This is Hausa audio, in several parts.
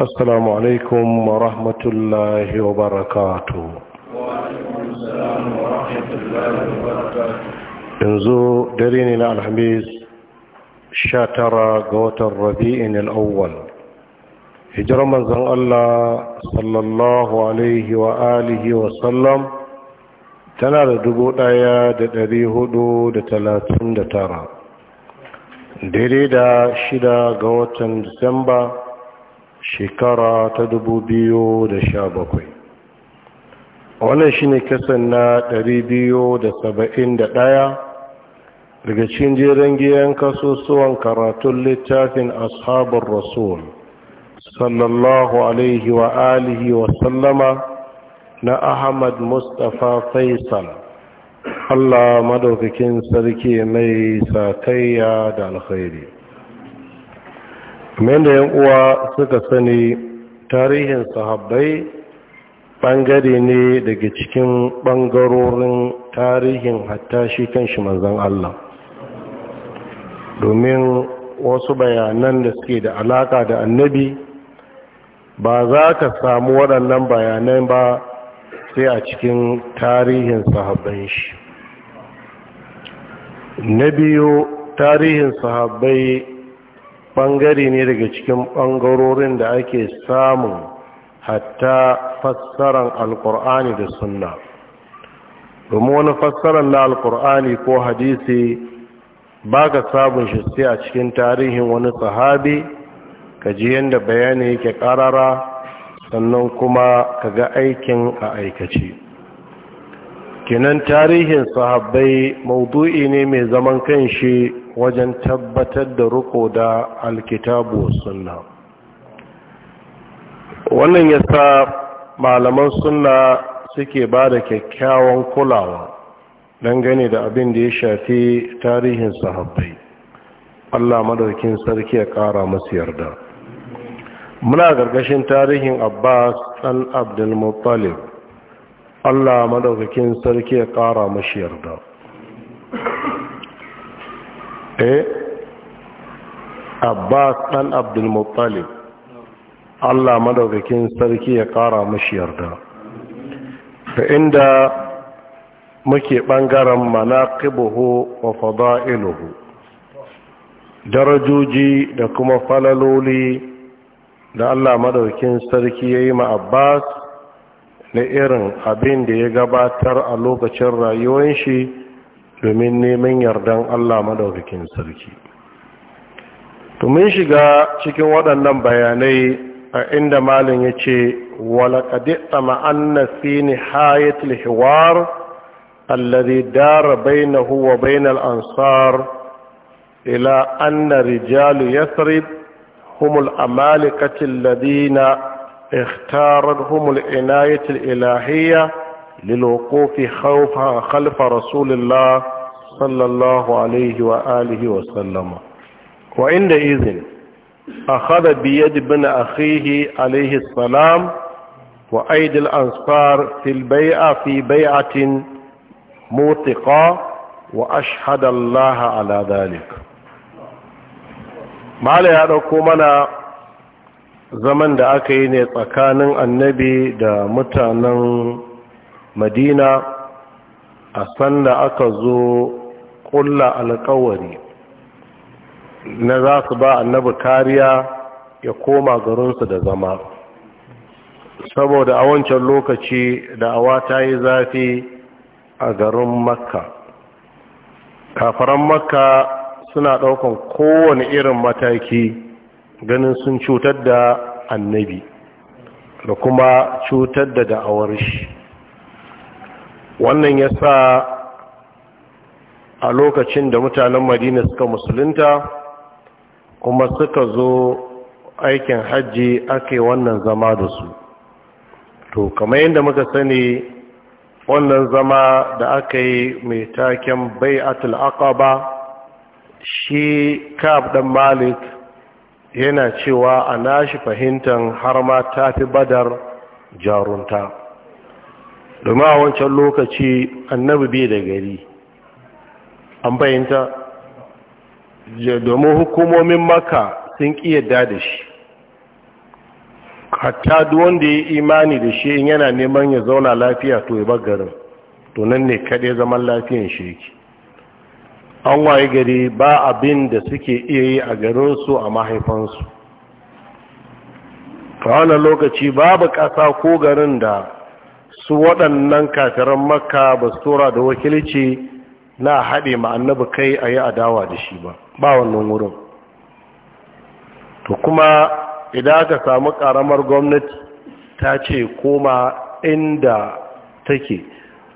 السلام عليكم ورحمة الله وبركاته وعليكم السلام ورحمة الله وبركاته انزو دريني الحميز شاتر قوت الربيع الأول هجر من زن الله صلى الله عليه وآله وسلم tana da dubu ɗaya da ɗari hudu da talatin da tara daidai da shida ga watan disamba shekara ta dubu biyu da sha bakwai. wannan shine kasan na ɗari biyu da da ɗaya daga cikin jerin giyan kasusuwan karatun littafin ashabar rasul sallallahu alaihi wa alihi wa sallama na ahmad mustapha faisal allah madaukakin sarki mai satayya da alkhairi kuma yadda uwa suka sani tarihin sahabbai ɓangare ne daga cikin ɓangarorin tarihin hatta shi kan shi manzan Allah domin wasu bayanan da suke da alaka da annabi ba za ka samu waɗannan bayanan ba sai a cikin tarihin sahabban shi na biyu tarihin sahabbai Bangare ne daga cikin ɓangarorin da ake samun hatta fassaran alkur'ani da sunna domin wani fassaran na alkur'ani ko hadisi ba ka sabon shi sai a cikin tarihin wani sahabi ka ji yadda bayani yake ƙarara sannan kuma ka ga aikin a aikace kinan tarihin sahabbai maudu'i ne mai zaman kanshi wajen tabbatar da ruko da alkitabu sunna wannan ya sa malaman suna suke ba da kyakkyawan kulawa don gani da abin da ya shafi tarihin sahabbai allah madaukin sarki ya kara masu yarda muna gargashin tarihin abbas ɗan abdulmuttalib allah madaukakin sarki ya kara mashi yarda eh abbas ɗan muttalib allah madaukakin sarki ya ƙara mashi yarda fa inda muke ɓangaren manaqibuhu wa fada'iluhu darajoji da kuma falaloli da allah madaukakin sarki ya yi ma abbas na irin abin da ya gabatar a lokacin rayuwar shi domin neman yardan Allah maɗaukakin sarki Tumin mun shiga cikin waɗannan bayanai a inda malin ya ce walaƙadi tsama'anna fi ni hayatul hiwar alladhi dara bainahu wa bainal ansar ila anna rijalu yathrib humul amalikatil ladina humul inayatul ilahiyya للوقوف خوف خلف رسول الله صلى الله عليه وآله وسلم وعند إذن أخذ بيد ابن أخيه عليه السلام وأيدي الأنصار في البيعة في بيعة موثقة وأشهد الله على ذلك ما لا يدعو منا zaman da aka yi ne tsakanin annabi da mutanen madina a sanda aka zo ƙulla alkawari na za su ba annabi kariya ya koma garinsu da zama saboda a wancan lokaci da awa ta yi zafi a garin makka kafaran makka suna ɗaukan kowane irin mataki ganin sun cutar da annabi da kuma cutar da da'awar shi wannan ya sa a lokacin da mutanen madina suka musulunta kuma suka zo aikin hajji ake wannan zama da su to kamar yadda muka sani wannan zama da aka yi mai taken bai bai'atul aqaba shi kaf dan malik yana cewa a nashi fahimtar har ma tafi badar jarunta domin a wancan lokaci annabi bai da gari an bayanta domin hukumomin maka sun kiyarda da shi hatta wanda ya yi imani da shi yana neman ya zauna lafiya to ya bagarin to nan ne kaɗai zaman lafiyan shi yake an waye gari ba abin da suke iya yi a garinsu a mahaifansu ta wani lokaci babu ƙasa ko garin da su waɗannan kafiran makka ba su tura da wakilci na haɗe annabi kai a yi adawa da shi ba ba wannan wurin to kuma idan aka samu ƙaramar gwamnati ta ce koma inda take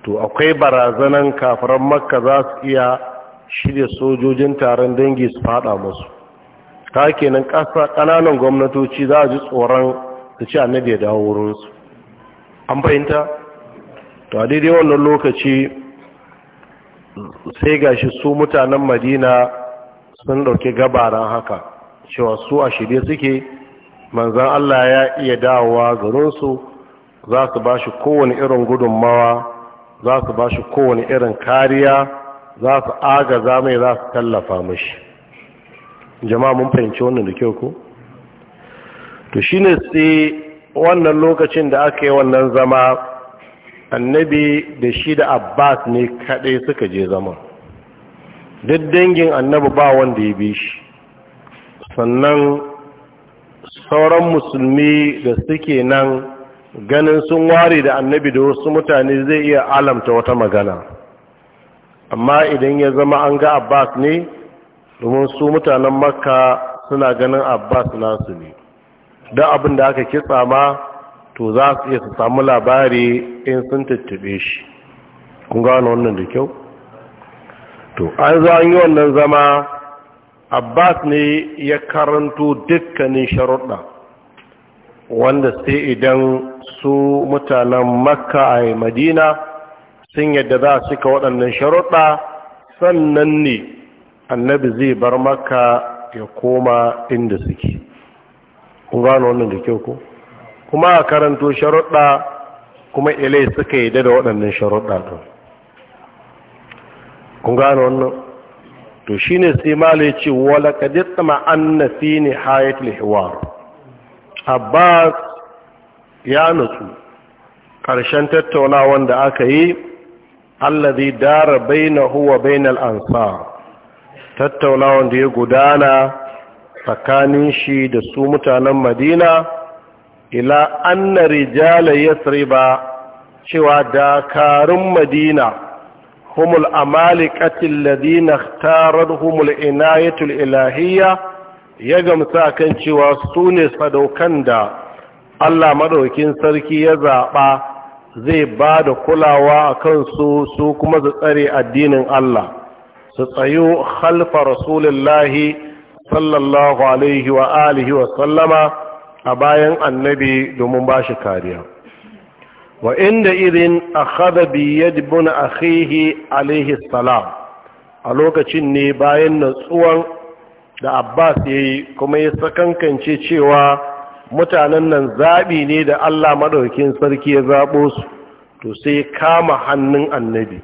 to akwai barazanan kafiran makka za su iya shirya sojojin taron dangi su fada masu ta kenan ƙananan gwamnatoci za a ji tsoron su ci annabi ya dawo wurinsu an fahimta to a daidai wannan lokaci sai gashi su mutanen madina sun ɗauki gabaran haka cewa su a shirye suke manzan Allah ya iya dawowa garinsu za su ba shi kowane irin gudunmawa za su ba shi kowane irin kariya za su agaza mai za su tallafa mashi jama'a mun fahimci wannan da kyau ko? to shine sai wannan lokacin da aka yi wannan zama annabi da shi da abbas ne kaɗai suka je zama duk dangin annabi ba wanda ya bi shi sannan sauran musulmi da suke nan ganin sun ware da annabi da wasu mutane zai iya alamta wata magana amma idan ya zama an ga abbas ne domin su mutanen makka suna ganin abbas nasu ne don abin da aka kitsa ma to za su iya su samu labari in sun tattabe shi kun gano wannan da kyau to an zo an yi wannan zama abbas ne ya karanto dukkanin sharuɗa wanda sai idan su mutanen makka a madina sun yadda za su ka waɗannan sharuɗa sannan ne annabi zai bar makka ya koma inda suke kun gano wannan da kyau ko? kuma a karanto sharuɗa kuma ilai suka yi da waɗannan sharuɗa ɗin kun gano wannan to shi ne sai malai ce wala kadit na fi ne hayat lihiwar abbas ya nutsu ƙarshen tattaunawan da aka yi allazi dara baina huwa bainal ansar tattaunawan da ya gudana tsakanin shi da su mutanen madina ila anna rijala yasriba cewa dakarun madina humul amalikatin ladina Humul inayatul ilahiyya ya gamsa kan cewa su ne sadaukan da Allah madaukin sarki ya zaɓa zai ba da kulawa a kansu su kuma su tsare addinin Allah su tsayo khalfa rasulullahi sallallahu alaihi wa alihi wa sallama a bayan annabi domin ba shi kariya wa inda irin a haɗa biyar a haihi alaihi salam a lokacin ne bayan natsuwan da abbas ya yi kuma ya sakankance cewa mutanen nan zaɓi ne da allah maɗaukin sarki ya zaɓo su to sai kama hannun annabi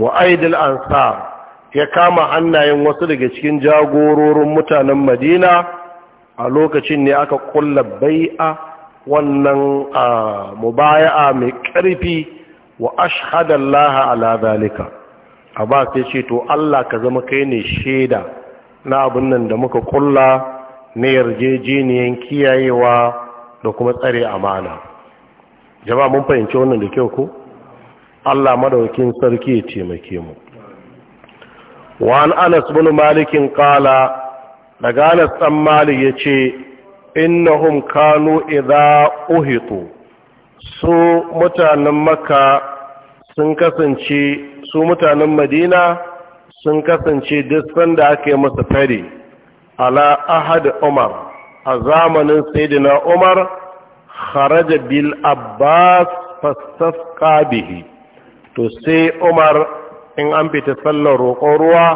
wa aidil ansar ya kama hannayen wasu daga cikin jagororin mutanen madina a lokacin ne aka kulla bai'a wannan mubaya'a mai ƙarfi wa ashhadallaha ala zalika abbas ya ce to Allah ka zama kai ne shaida na abin nan da muka kulla na yarjejeniyan kiyayewa da kuma tsare amana jama'a mun fahimci wannan da kyau ko Allah madaukin sarki ya taimake mu wa an anas bin malikin qala daga anas ɗan mali ya ce innahum kanu idza uhitu su mutanen maka sun kasance su mutanen madina sun kasance duk sanda ake masa fari ala ahad umar a zamanin saidina umar kharaja bil abbas fastasqa bihi to sai umar in an fita sallar roƙon ruwa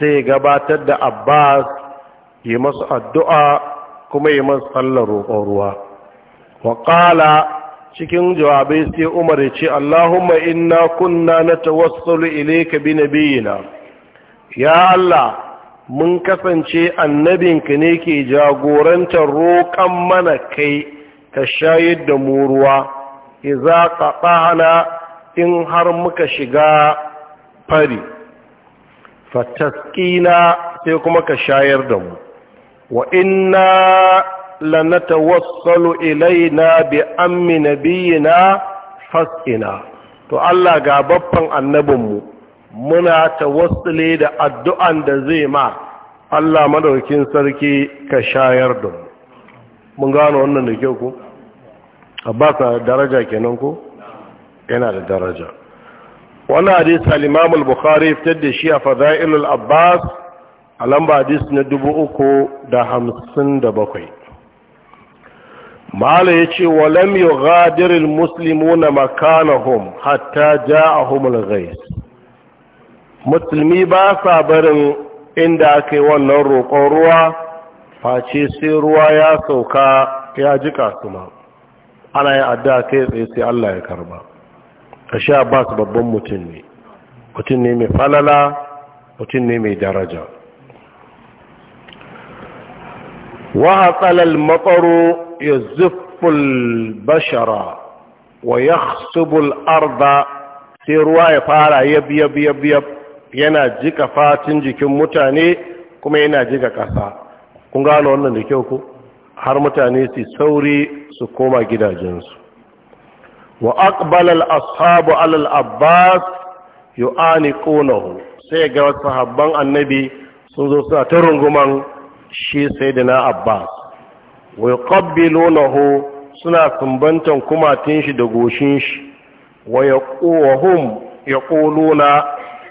sai gabatar da abbas yi masu addu'a kuma yi masu sallar roƙon ruwa waƙala cikin jawabai sai umar ya ce allahumma inna kunna na tawassulu ilaika bi nabiyina ya allah mun kasance annabinka ne ke jagorantar roƙon mana kai ka shayar da mu ruwa iza qata'ana in har muka shiga fari na sai kuma ka shayar da mu wa inna lanatawassalu ilaina bi ammi nabiyina fas'ina to Allah ga babban annabinmu muna tawassule da addu'an da zai ma Allah madaukin sarki ka shayar da mu mun gano wannan da kyau ko Abbas na daraja kenan ko yana da daraja Wani hadisi al bukhari fitar da shi a Fadailul Abbas a lamba hadis na dubu uku da hamsin da bakwai mala ya ce walam yi gadirin musulmi na makanahum hatta ja a humul gais musulmi ba sa barin inda aka yi wannan roƙon ruwa face sai ruwa ya sauka ya ji su ana yin adda kai tsaye sai Allah ya karba a sha ba su babban mutum ne mutum ne mai falala mutum ne mai daraja وعطل المطر يزف البشرة ويخصب الأرض sai ruwa ya fara yab yab yab yana jika fatin jikin mutane kuma yana jika ƙasa kun gano wannan da kyau ku har mutane su sauri su koma gidajensu wa aqbala al-ashabu ala al-abbas yu'aniqunahu sai ga sahabban annabi sun zo suna ta runguman shi sai da na abbas wai ƙabbilo na suna sumbantan kumatin shi da goshin shi wa ƙowahun ya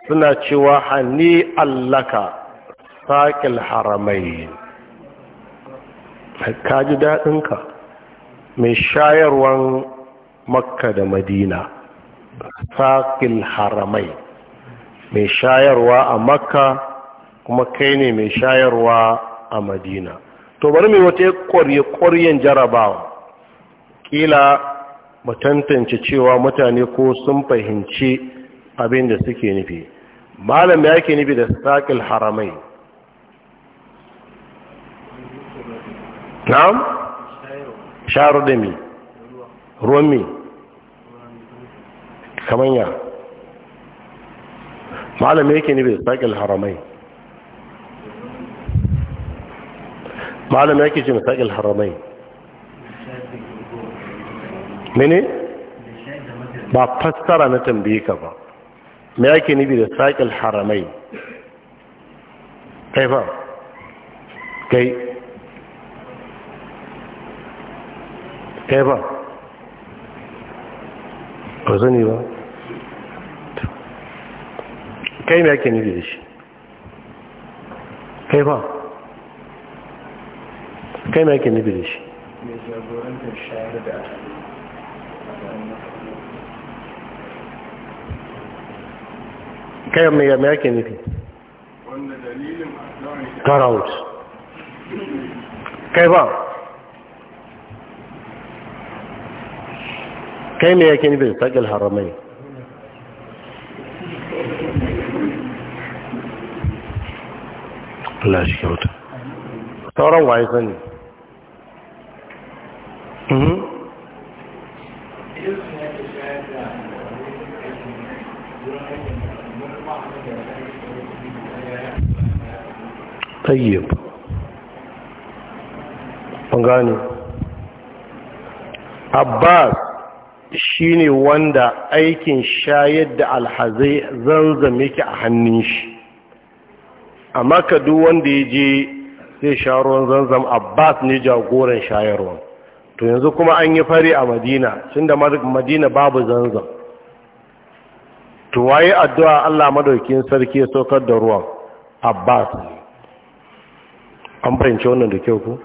suna cewa hanni allaka saƙil haramai ka ji daɗinka mai shayarwan makka da madina saƙil haramai mai shayarwa a makka kuma kai ne mai shayarwa a madina to bari mai wata ƙwarye-ƙwaryen jarabawa ƙila mu tantance cewa mutane ko sun fahimci abin da suke nufi malam ya ke nufi da saƙil haramai na'am sharu da mi ruwan mi kamanya malam ya ke nufi da saƙil haramai معنى ما يكيش مساق الحرمين مني ما فسر أنا تنبيك ما يكي نبي لساق الحرمين كيف كي كيف وزني ما كيف ما يكي نبي لشي كيف كيف كما يمكن ان يبدو شيء كما يمكن ان يبدو كيف كيف يمكن ان يبدو تاج الحرمين لا شكرا ترى وعيزني tayyib an gane abbas shine wanda aikin shayar da alhazai zanzame yake a hannun shi amma ka duk wanda ya je zai sha ruwan zanzam abbas ne jagoran shayarwa to yanzu kuma an yi fari a madina tun da madina babu zanzam to waye addu'a allah madaukin sarki ya saukar da ruwan abbas ne an fahimci wannan da kyau ku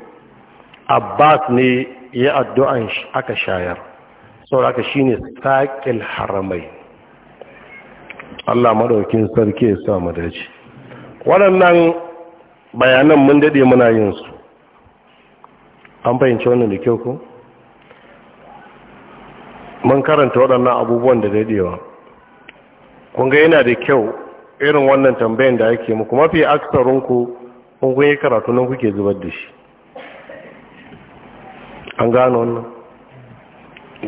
abbas ne ya addu'an aka shayar aka shi ne saƙil haramai allah maɗaukin sarki ya sa mu dace waɗannan bayanan mun daɗe muna yin su an fahimci wannan da kyau ku mun karanta waɗannan abubuwan da daɗewa ga yana da kyau irin wannan tambayin da ake muku mafi aksarinku kun kun yi karatu nan kuke zubar da shi an gano wannan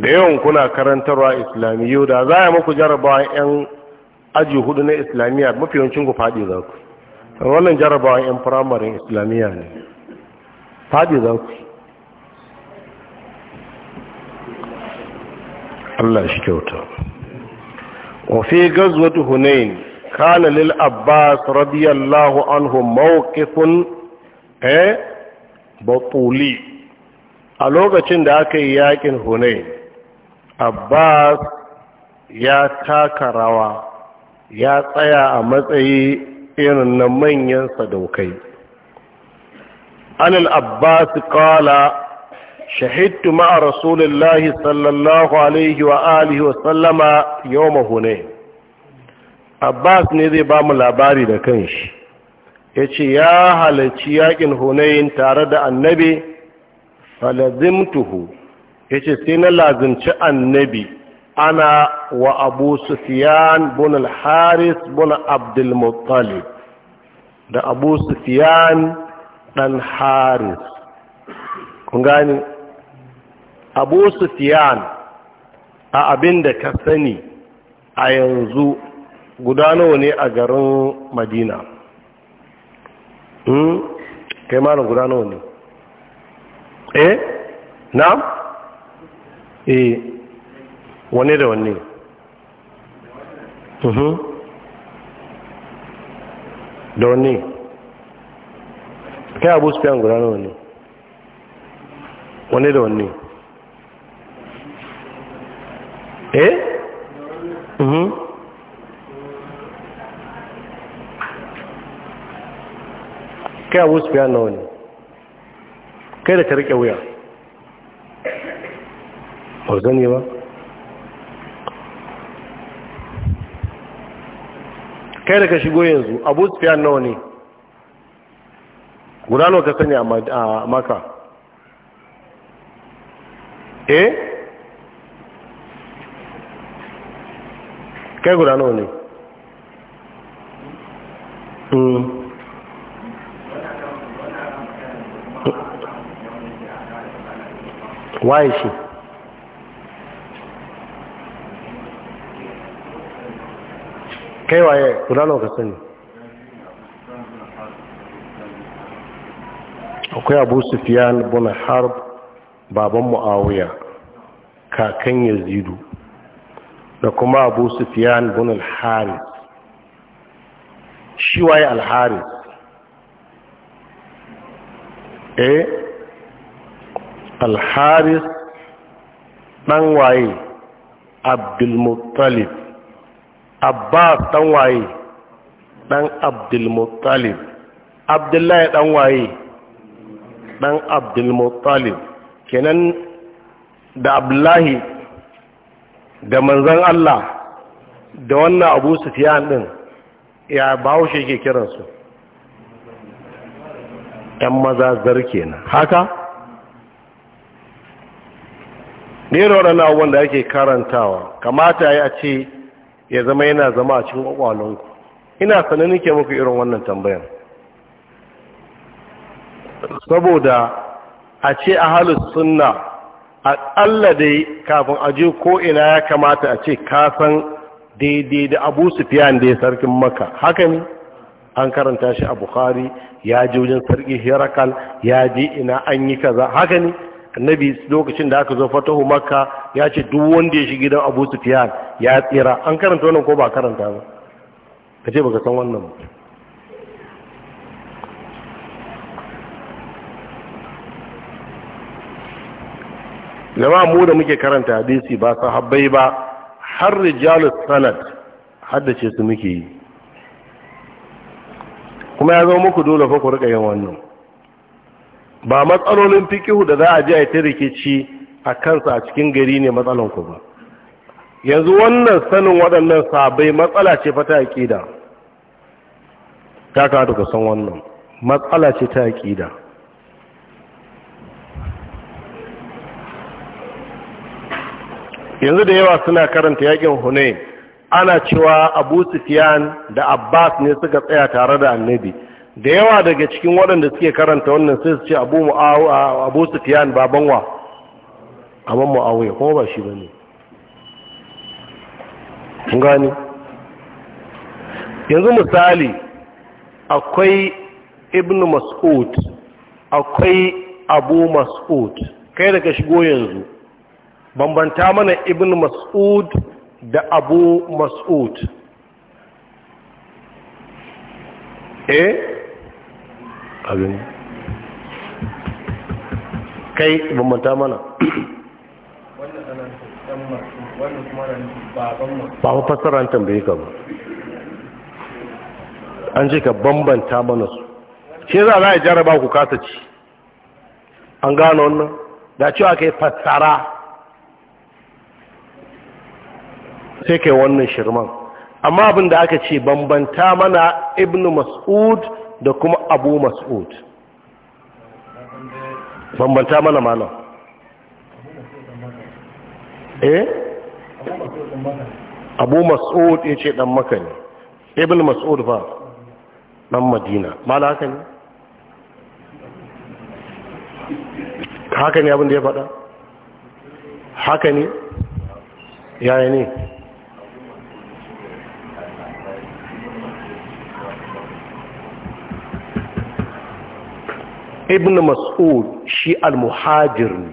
da yawan kuna karantarwa islamiyyu da za a muku jarabawa 'yan aji hudu na islamiyya mafi yawancin ku faɗi za ku wannan jarabawa 'yan firamare islamiyya ne faɗi za ku Allah shi kyauta wafi gazuwa gazwatu hunain kana lil abbas radiyallahu anhu mawqifun eh batuli a lokacin da aka yi yakin hunai, abbas ya taka rawa ya tsaya a matsayi irin na manyan sadaukai anil abbas kala shahidtu ma'a rasulillahi sallallahu alaihi wa alihi wa sallama yawma hunain abbas ne zai ba mu labari da kanshi ya ce ya halarci yakin hunayin tare da annabi falazimtuhu ya ce sai na lazimci annabi ana wa abu sufiyan bin al-haris bin abdulmuttalib da abu sufiyan dan haris kun gani abu sufiyan a abin da ka sani a yanzu gudanowa ne a garin madina hmm kai malam guda nawa ne eh na eh wane da wane mhm da wane kai abu spiyan guda nawa ne wane da wane eh mhm kai abu su fiya nawa ne kai da ka riƙe wuya ba zane ba kai da ka shigo yanzu abu su nawa ne guda ka sani a maka eh kai guda nawa hmm. waye shi kai waye guda nawa ka sani akwai abu sufiyan buna harb baban mu'awiya kakan yazidu da kuma abu sufiyan bin al-haris shi waye alhari? eh alharis ɗan waye abdulmuttalib abbas ɗan waye ɗan abdulmuttalib abdullahi ɗan waye ɗan abdulmuttalib kenan da abdullahi da manzan allah da wannan abu sufiyan ɗin ya bahaushe ke kiransu ‘yan maza zarke na haka? irin waɗannan abubuwan da ake karantawa kamata ya ce ya zama yana zama a cikin ƙwaƙwalonku ina sanin nake muku irin wannan tambayan saboda a ce a halin suna, sunna Allah dai kafin aji ko ina ya kamata a ce kasan daidai da abu su fiya da ya sarkin maka haka ne an karanta shi a bukhari ya ji wajen sarki herakal ya ji ina an yi kaza haka ne annabi lokacin da aka zo fatahu makka ya ce duk wanda ya shiga gidan abu sufiyan ya tsira an karanta wannan ko ba karanta ba ka ce baka san wannan ba mu da muke karanta hadisi ba sahabbai ba har rijalus sanad haddace su muke yi kuma ya zama muku dole fa ku rika yin wannan ba matsalolin fikihu da za a ji a yi ta rikici a kansa a cikin gari ne matsalanku ba yanzu wannan sanin waɗannan sabai matsala ce fata aƙida ta kawo daga san wannan matsala ce ta aƙida yanzu da yawa suna karanta yakin hunain ana cewa abu sufiyan da abbas ne suka tsaya tare da annabi da yawa daga cikin waɗanda suke karanta wannan sai su ce abu sufiyan baban wa amma muawiya kuma ba shi ba ne, gani yanzu misali akwai ibn mas'ud akwai abu mas'ud kai daga shigo yanzu bambanta mana ibn mas'ud da abu mas'ud eh abin kai bambanta mana ba mu fassara an tambaye ka ba an ce ka bambanta mana su shi za a jaraba ku kasa ci an gano wannan da cewa ka yi fassara sai ka yi wannan shirman amma abin da aka ce bambanta mana ibn mas'ud da kuma abu mas'ud bambanta mana mana eh abu mas'ud ya ce dan maka ne ibn mas'ud fa dan madina mala haka ne haka ne abin da ya faɗa haka ne yaya ne ibn mas'ud shi al-muhajir ne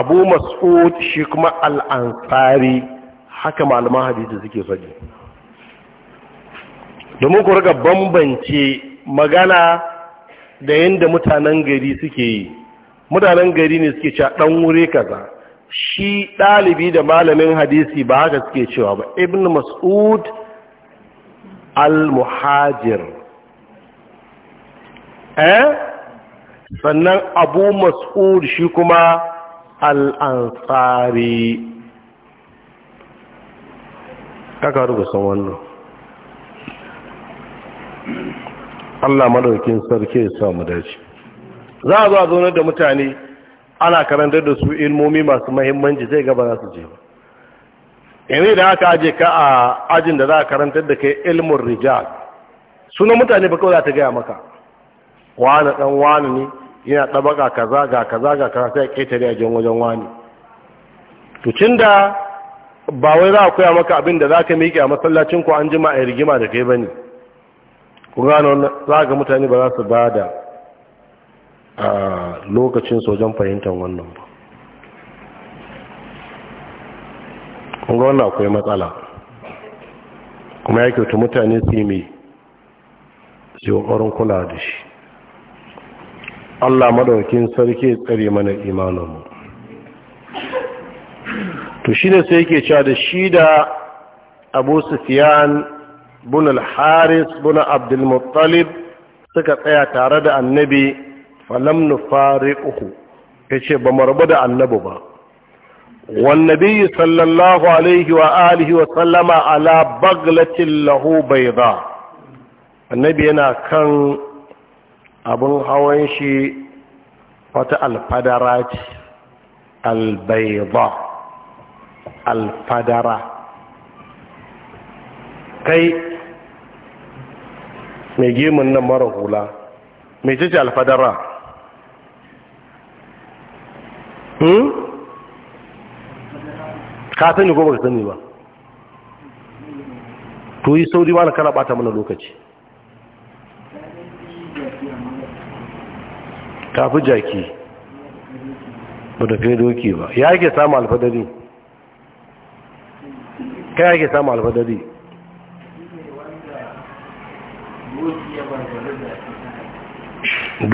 abu mas'ud shi kuma al-ansari haka malaman hadisi suke faɗi domin ku rika bambance magana da yadda mutanen gari suke yi mutanen gari ne suke cewa ɗan wuri kaza shi ɗalibi da malamin hadisi ba haka suke cewa ba ibn mas'ud al-muhajir eh sannan abu mas'ud shi kuma al'ansari kaka rubusan wannan Allah madaukin sarki ya samu dace za a zo a zaunar da mutane ana karantar da su ilmomi masu mahimmanci zai gaba za su je ba yanzu da aka aje ka a ajin da za a karantar da kai ilmin rijal sunan mutane ba kawai za ta gaya maka wani dan wani ne yana ga kaza ga kaza ga kaza sai ƙetare a jin wajen wani tucin da ba wai za a koya maka abin da za ka miƙe a masallacin ku an jima a rigima da kai ba ne ku gano za ga mutane ba za su ba da a lokacin sojan fahimtar wannan ba kun ga wannan akwai matsala kuma ya kyautu mutane su yi mai su yi kula da shi Allah madaukin sarki tsare mana imaninmu to shi ne sai yake cewa da shi da Abu Sufyan bin al-Haris bin Abdul Muttalib suka tsaya tare da annabi falam nufariquhu yace ba mu rabu da annabi ba wan nabi sallallahu alaihi wa alihi wa sallama ala baglatin lahu bayda annabi yana kan abin hawan shi wata alfadara ce albaiba alfadara kai mai gemun nan mara hula mai ce alfadara hmm? ka sani ko ka sani ba to yi sauri ba na kana bata mana lokaci ta fi jaki ba ta kai doki ba ya ake samu alfadari kai ake samu alfadari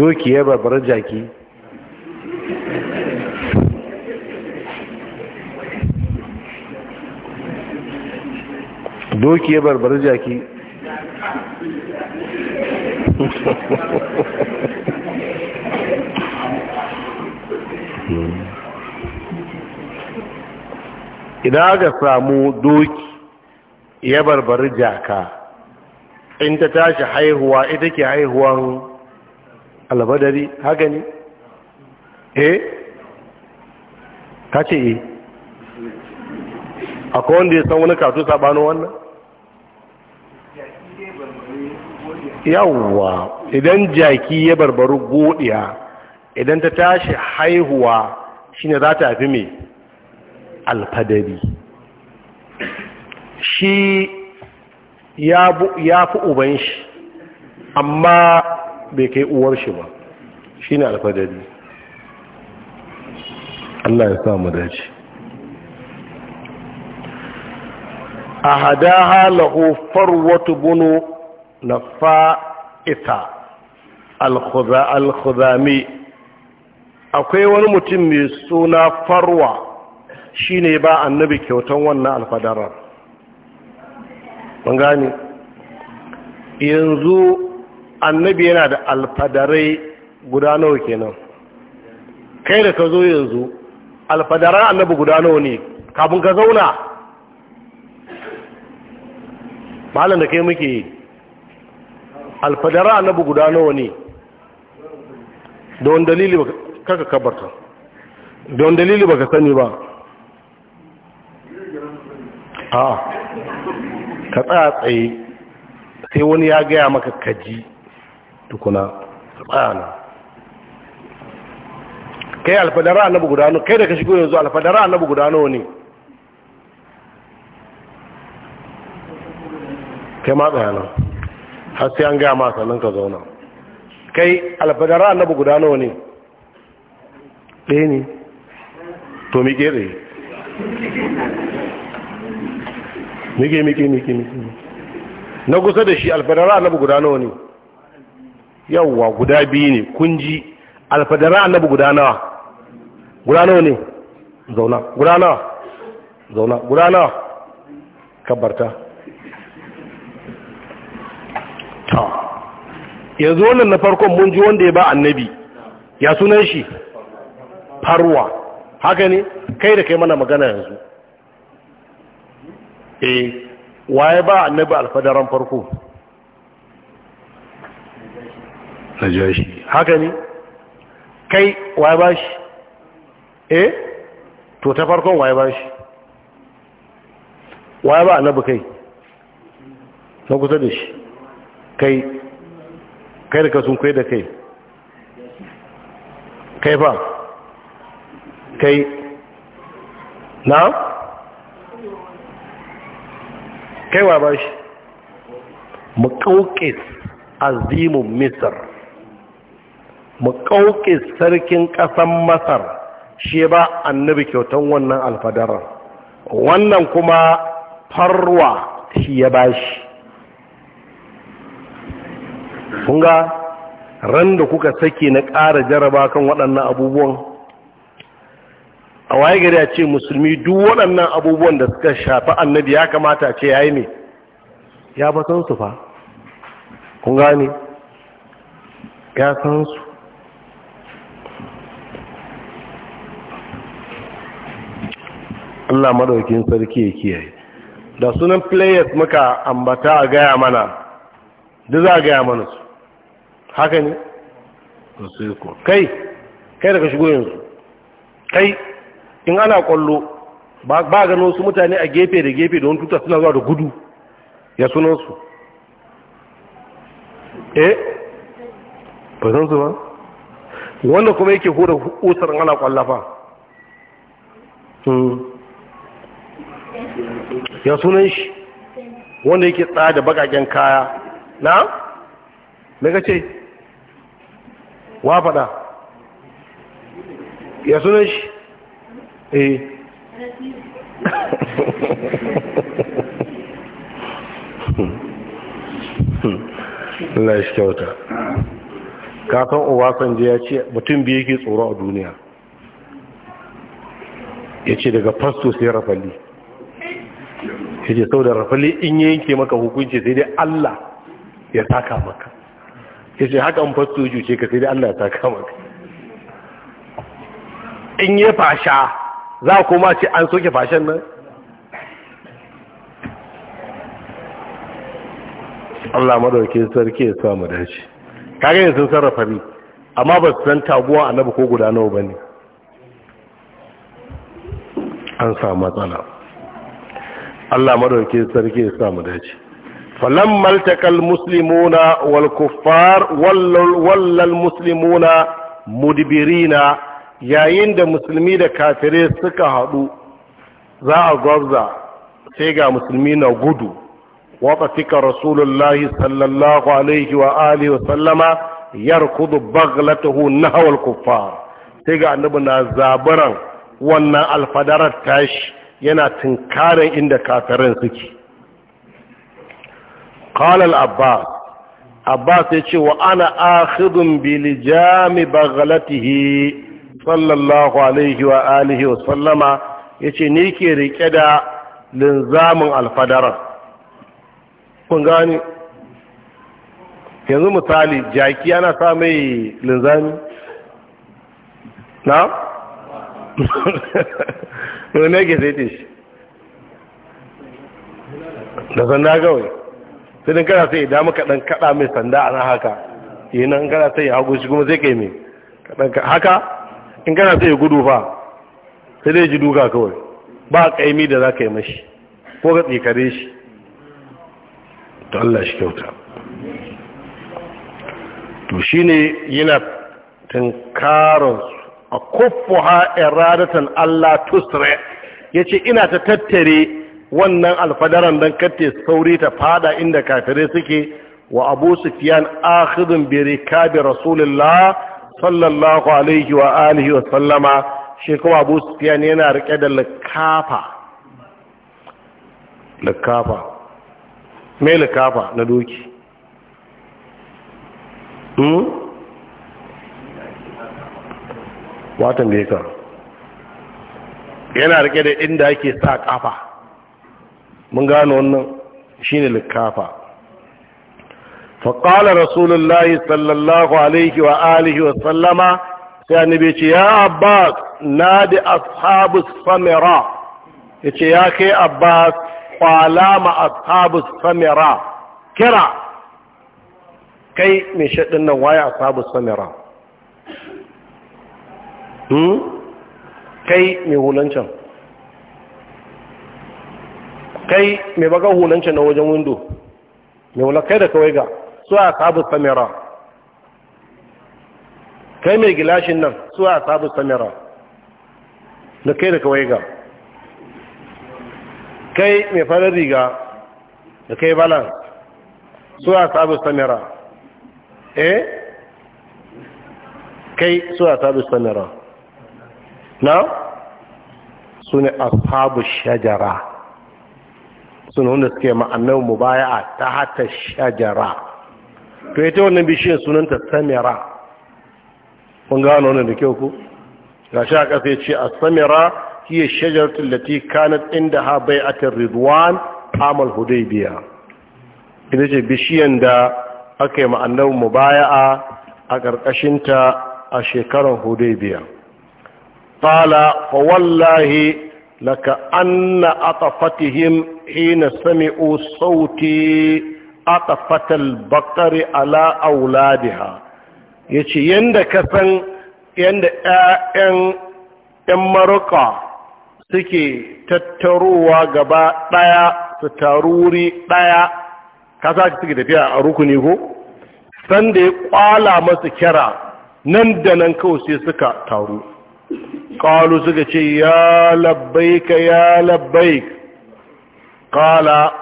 doki ya barbara jaki doki ya barbara jaki idan aka samu doki ya barbari jaka in ta tashi haihuwa ita ke haihuwan albadari haka ne eh ka ce a eh. akwai wanda ya san wani katu sabanin wannan yawwa idan jaki ya barbaru godiya idan ta tashi haihuwa shine za ta fi mai alfadari shi ya fi uban shi amma bai kai uwar shi ba shi ne alfadari Allah ya samu daji. a hada lahu farwatu bunu na fa'ita al akwai wani mutum mai suna farwa Shi ne ba annabi kyautan wannan alfadarar mun yanzu annabi yana da alfadarai guda nawa kenan kai da ka zo yanzu alfadaran annabi guda nawa ne kafin ka zauna malam da kai muke yi alfadaran annabi guda nawa ne don dalili kaka kabarta don dalili baka sani ba a ka tsaya tsaye sai wani ya gaya maka kaji tukuna tsana kai alfadara annabu gudano kai da ka shigo yanzu alfadara annabu gudano ne kai ma na, har sai an gaya ma sannan ka zauna kai alfadara annabu gudano ne ɗaya ne to mi gere mike mike mike mike na kusa da shi alfadara annabi guda nawa ne yawwa guda biyu ne kun ji alfadara annabi guda nawa guda nawa ne zauna guda nawa zauna guda nawa kabarta yanzu wannan na farkon mun ji wanda ya ba annabi ya sunan shi farwa haka ne kai da kai mana magana yanzu eh waye ba annabi alfadaran farko najashi haka ne kai waye ba shi eh to ta farkon waye ba shi waye ba annabi kai na kusa da shi kai kai da kasun kai da kai kai ba kai na kaiwa ba shi muƙauƙis azimin misir muƙauƙis sarkin ƙasan masar shi ba annabi kyautan wannan alfadarar wannan kuma farwa shi ya ba shi kunga ran da kuka sake na ƙara jaraba kan waɗannan abubuwan a waye gari a ce musulmi duk waɗannan abubuwan da suka shafi annabi ya kamata ce ya yi ne ya ba san su fa kun gane ya san su Allah madaukin sarki ya kiyaye da sunan players muka ambata a gaya mana duk za a gaya mana su haka ne kai kai daga shigo yanzu kai in ana kwallo ba gano su mutane a gefe da gefe don tuta suna zuwa da gudu ya sunan su eh ba zan su ba wanda kuma yake hura usar ana kwallafa hmm. ya sunan shi wanda yake tsada bakaken kaya na? me ce? wa fada ya sunan shi eh Allah shi kyauta kakan obasanji ya ce mutum biyu ke tsoro a duniya ya ce daga fasto sai rafali ya ce sau da rafali in yanke maka hukunci sai dai Allah ya taka maka ya ce haka an fasto juce ka sai dai Allah ya taka maka in ya fasha za a koma ce an soke fashen nan Allah madaukin sarki ya samu dace kage sun sarrafa ni amma ba su san taguwa annabi ko guda nawa bane an samu matsala Allah madaukin sarki ya samu dace falamma maltakal muslimuna wal kuffar wallal wallal muslimuna mudbirina yayin da musulmi da kafirai suka haɗu za a gwabza sai ga musulmi na gudu waɓafika rasulullahi sallallahu alaihi wa alihi wasallama kudu baglatahu na hawal kuffa, sai ga annabi na zaburan wannan alfadarar tashi yana tunkarin inda kafirin suke abba العباس ce wa ana آخذ bilijami baglatihi sallallahu alaihi wa alihi wa sallama yace ni ke rike da linzamin alfadaran kun gani yanzu misali jaki ana sa mai linzami na? yau ne ke sai shi da sanda gawai sai din kada sai idan muka dan kada mai sanda ana haka yi nan kada sai ya hagu shi kuma zai kai mai haka in gana sai ya gudu fa sai zai ji duka kawai ba kaimi da za ka yi mashi ko ka tsikare shi to Allah shi kyauta to shi ne yana tunkararsu a kufuha iradatan Allah tusre ya ce ina ta tattare wannan alfadaran don katte sauri ta fada inda kafirai suke wa abu sufiyan akhidun bi rasulullah sallallahu alaihi wa alihi wa sallama shi kuma abu sufiyan yana rike da likafa likafa mai likafa na doki watan da ya yana rike da inda ake sa kafa mun gano wannan shi ne likafa faƙalar rasulullahi sallallahu alaihi wa alihi wa sallama sai ce ya abbas na da ashabus samira ya ce ya kai abbas kwala ma ashabus samira kira kai mai shaɗin nan waye ashabus samira kai mai hulancan hulancan na wajen windo mai wula kai da kawai ga su a sabu samira kai mai gilashin nan su a sabu samira da kai da kawai ga kai mai farin riga da kai balan su a sabu samira eh kai su a sabu samira na su ne a sabu shajara sun wanda suke ma'anar mubaya ta hata shajara to ita wannan bishiyar sunanta samira kun gano wannan da kyau ku ga shi a ƙasa ya ce a samira da shajaratun lati kanat inda ha bai a ridwan amal biya. ita ce bishiyar da aka yi mu baya a ƙarƙashinta a shekarar hudai biya. qala fa wallahi laka anna atafatihim hina sami'u sauti atafatal bakari ala auladiha yace yanda yadda ka san yadda 'ya'yan 'yan maruka suke tattarowa gaba ɗaya su taru wuri ɗaya ka sa suke tafiya a rukuni ko sanda ya kwala masu kyara nan da nan kawai sai suka taru Kalu suka ce ya labbaika ya labbaika ƙala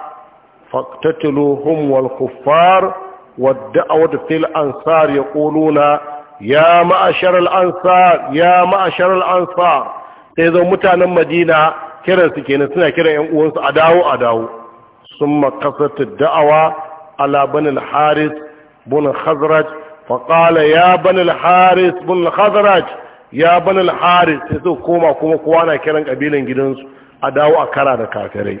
فاقتتلوهم والكفار والدعوة في الأنصار يقولون يا معشر الأنصار يا معشر الأنصار إذا متانا مدينة كرا سكينة سنة كرا ينقوانس أداو أداو ثم قصت الدعوة على بن الحارث بن الخزرج فقال يا بن الحارث بن الخزرج ya banal haris sai su koma kuma kowa na kiran kabilan gidansu a dawo a kara da kafirai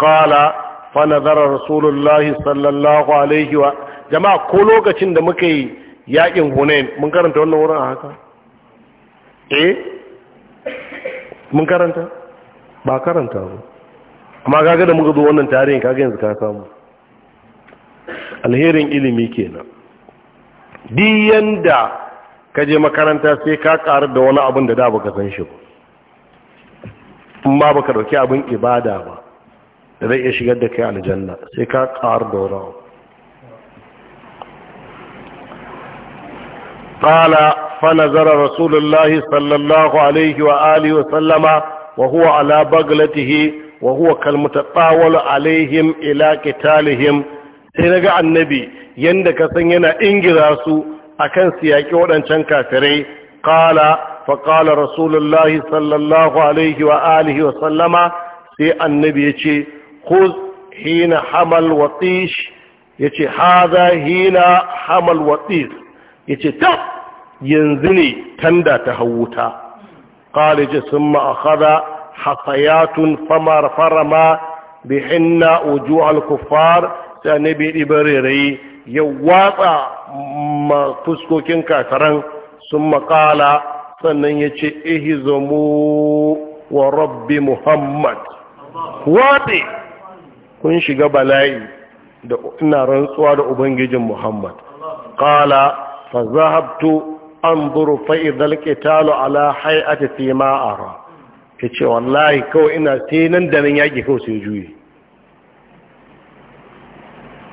kala fa rasulullahi sallallahu alaihi wa jama'a ko lokacin da muka yi yaƙin hunain mun karanta wannan wurin a haka eh mun karanta ba karanta ba amma kaga da muka zo wannan tarihin kaga yanzu ka samu alherin ilimi kenan duk yanda ka je makaranta sai ka karar da wani abin da da baka san shi ba in ba baka dauki abin ibada ba da zai iya shigar da kai aljanna sai ka ƙar da wani ƙala fanazara rasulullahi sallallahu alaihi wa alihi wa sallama wa huwa ala baglatihi wa huwa kalmuta tsawalu alaihim ila kitalihim sai naga annabi yadda ka san yana ingira su akan siyaki waɗancan kafirai ƙala faƙala rasulullahi sallallahu alaihi wa alihi wa sallama sai annabi ya ce خذ هنا حمل وطيش يتي هذا هنا حمل وطيش يتي تا ينزني تندا تهوتا قال يتي ثم أخذ حصيات فما فرما بحنا وجوع الكفار سنبي إبريري يواطا ما فسكو كنكا ثم قال sannan يتي ce ihizamu wa rabbi muhammad kun shiga bala'i da ina rantsuwa da ubangijin muhammad qala fa zahabtu anzuru fa idhal qitalu ala hay'ati fi ma ara ce wallahi kawai ina sai nan da nan yaki kawai sai juyi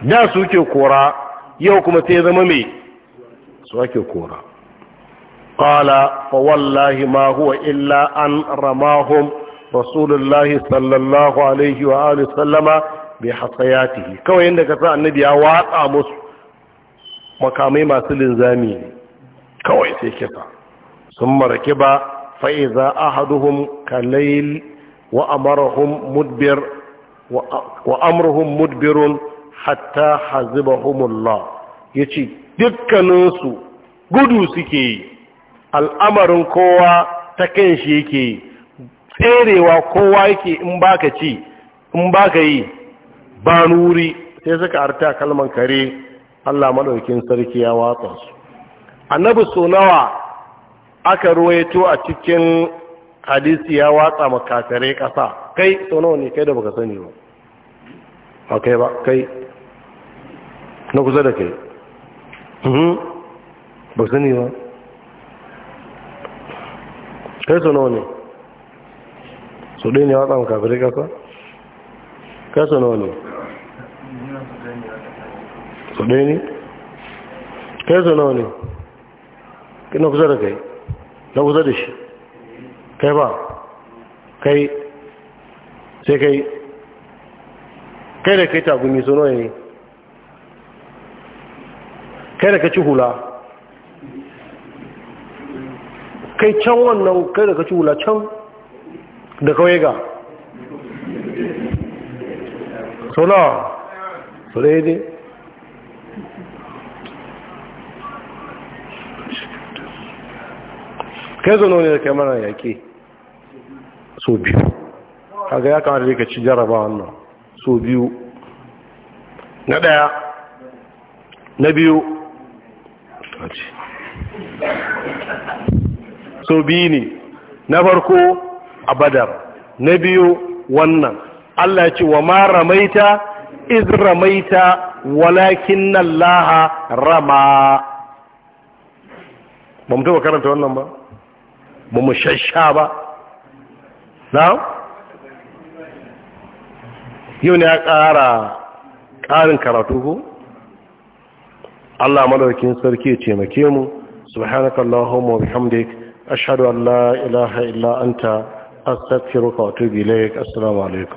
da su ke kora yau kuma sai zama mai su ake kora qala fa wallahi ma huwa illa an ramahun rasulullahi sallallahu alaihi wa alihi sallama bai tihi kawai yadda ka sa annabi ya watsa musu makamai masu linzami ne kawai sai kisa sun maraki ba fa'iza ahaduhum kalail wa amarahum mudbirun hatta hazibahumullah ya ce dukkaninsu gudu suke yi al'amarin kowa ta kan shi yake tserewa kowa yake in baka ci in baka yi ba nuri sai suka arta kalman kare Allah madaukin sarki ya watsa su annabi nawa aka ruwaito a cikin hadisi ya watsa makasare kasa kai nawa ne kai da baka sani ba ba kai ba kai na kusa da kai mhm. ba sani ba kai nawa ne su ɗaya ne watsa makasare kasa kai nawa ne su ɗaya ne kai zo nawa ne kai na kusa da kai na kusa da shi kai ba kai sai kai kai da kai tagumi su nawa ne kai da ka ci hula kai can wannan kai da ka ci hula can da kawai ga sau nawa su ɗaya dai kai zano ne da kai mana yaƙi so biyu kaga ya kamar da ka ci jaraba wannan so biyu na ɗaya na biyu so biyu ne na farko a badar na biyu wannan Allah ce wa ma ramaita iz ramaita walakin Laha rama ba mutu ba karanta wannan ba mu mu shasha ba na yau ne ya ƙara ƙarin karatu ko? Allah madaukin sarki ya taimake mu subhanaka allahumma wa bihamdik ashhadu an la ilaha illa anta astaghfiruka wa atubu ilayk assalamu alaikum